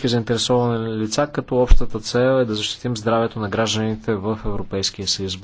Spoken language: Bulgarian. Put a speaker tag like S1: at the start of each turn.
S1: всички заинтересовани лица, като общата цел е да защитим здравето на гражданите в Европейския съюз.